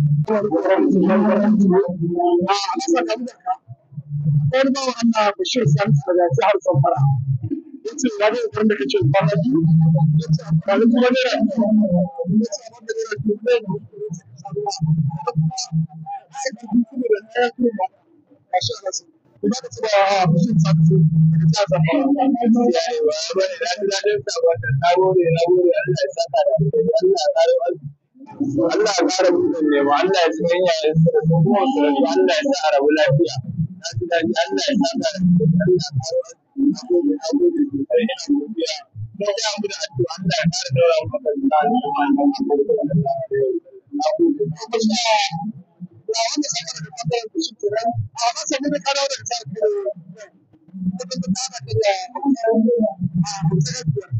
Allah zai wanda kake kwana ce amfani ce ana so kuma ka ce ba a fushin sabbi ka ce a zama ya yi da ake zaɗe na gode na gode Allah ya saka da Allah Allah ya kara ne nema Allah ya ci ɗan ya su da sun kuma su rabu Allah ya sa rabu lafiya na ji daɗi Allah ya sa ka Thank you.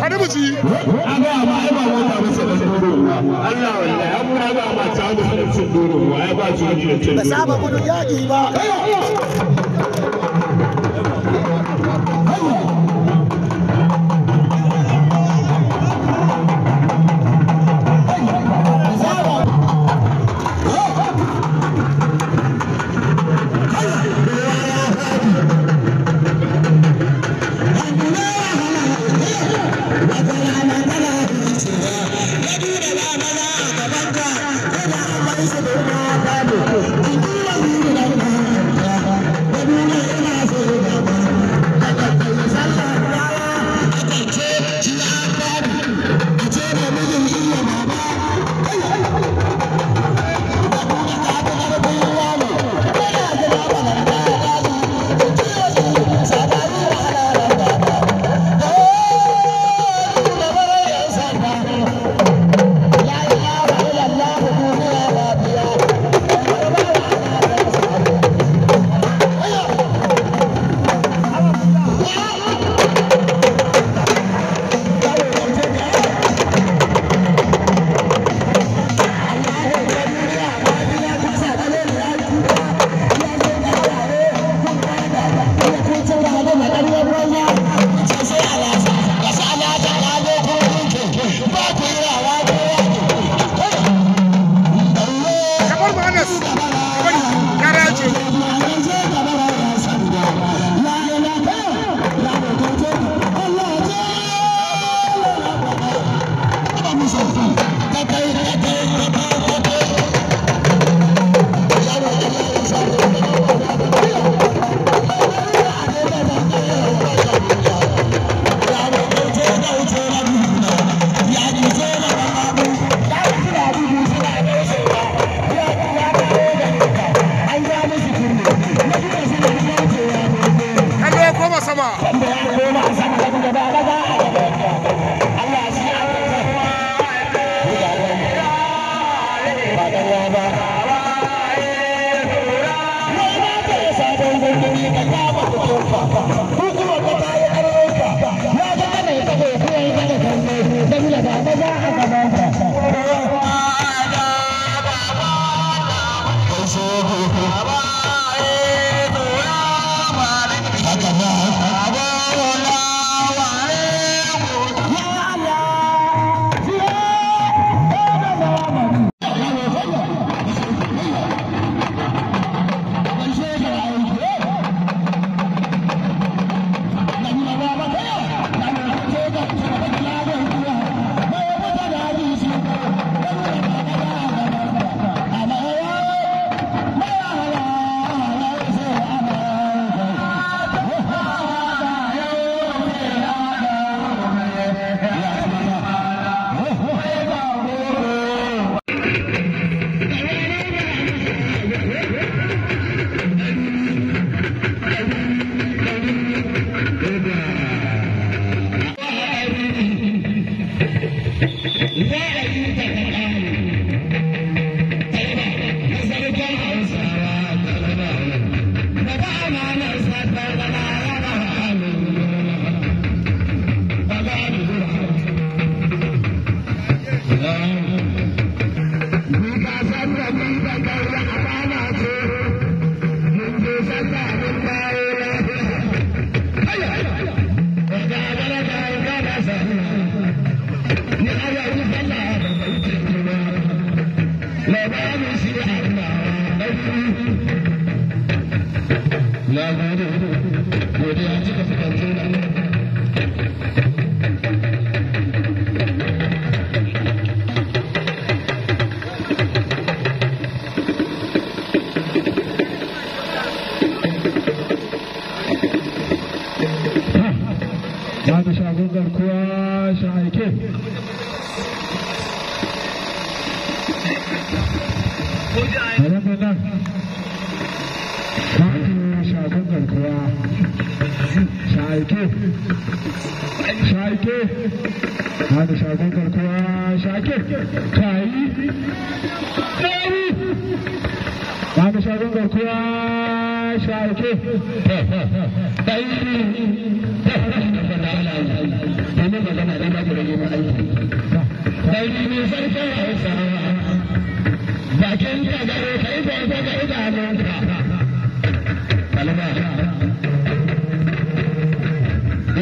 Kada mu ci. A ga ma ai ba wata ba sai da doro. Allah wallahi an mura ba ma ta da cin doro. Ai ba ji da cin doro. Ba saba gudu yaki ba. ka Thank you. babu shagon garkuwa sha'aikin shaike shaike wani shagon karkuwa shaike tayi tayi wani shagon karkuwa ka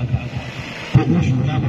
haka ko kuma shugaba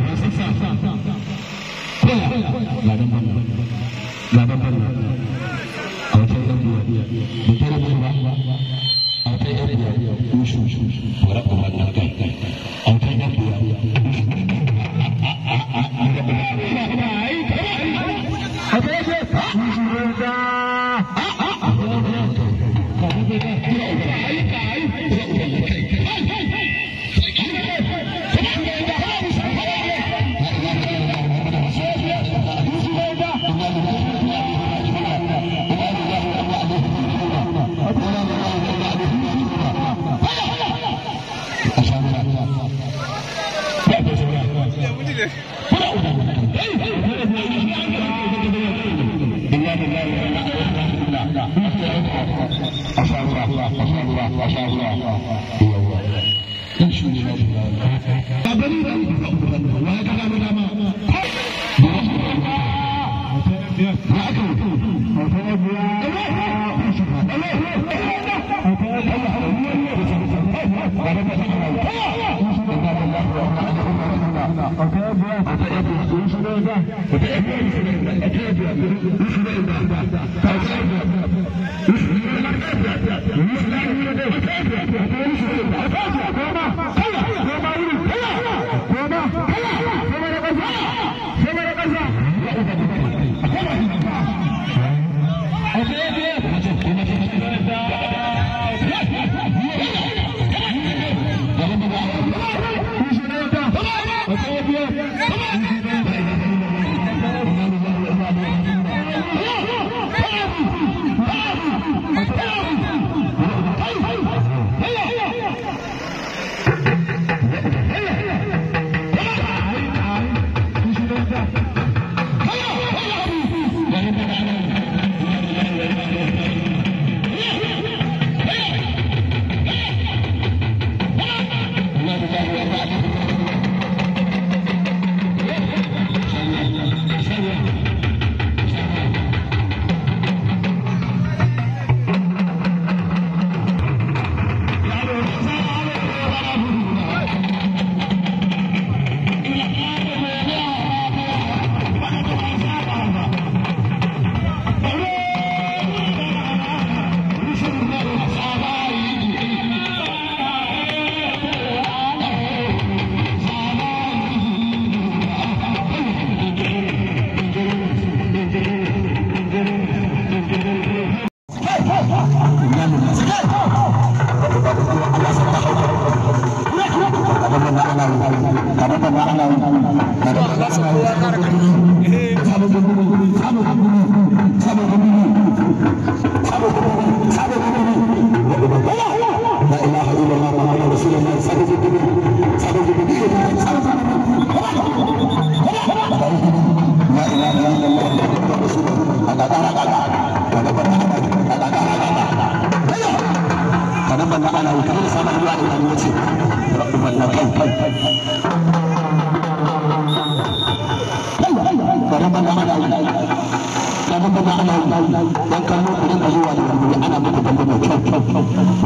Yeah, yeah.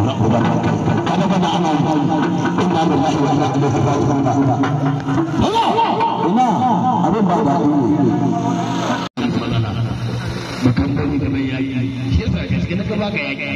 kaga ana inna lillahi wa inna ilaihi raji'un ina abin ba da ne mutum da ne kamar yayi shi yasa na ka baka yayi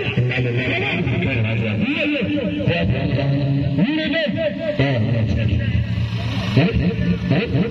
ええええ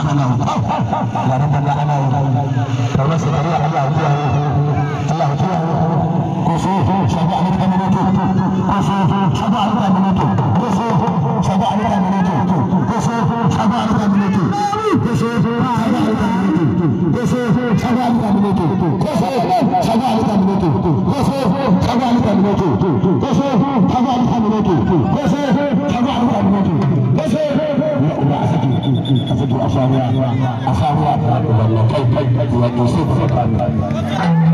Allah garin balla ana yi kamar su tare Allah ya Allah ya ko su shafi an da minuto ko su shafi an da minuto ko su shafi an da minuto ko su shafi an da minuto ko su shafi an da minuto ko su shafi an da minuto ko su shafi an da minuto ko su shafi an da minuto ko su shafi an da minuto ko su asalnya asalnya buat